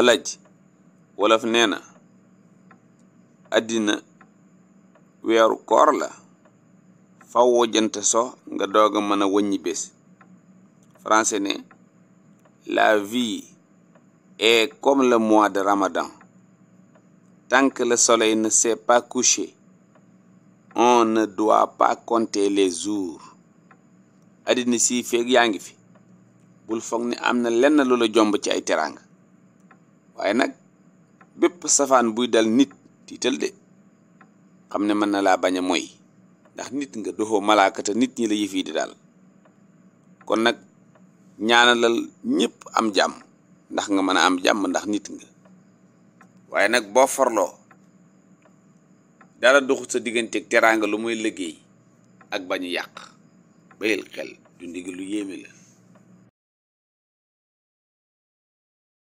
alaaji wolof nee na àddina weeru koor la fawwo jant so nga doog a mën a wëññi bés français ne la vie est comme le mois de ramadan tant que le soleil ne s'est pas couché on ne doit pas compter les jours àddina si feeg yaa ngi fi bul foog ni am na lenn lu la jomb ci ay teraanga waaye nag bépp safaan buy dal nit tiital de xam ne mën na laa bañ a moy ndax nit nga doxoo malaaka nit ñi la yëf yi di daal kon nag ñaanalal ñépp am jàmm ndax nga mën a am jàmm ndax nit nga waaye nag boo farloo dara doxut sa digganteeg teraanga lu muy liggéey ak bañu yàq bayil xel du ndigal lu yéeme la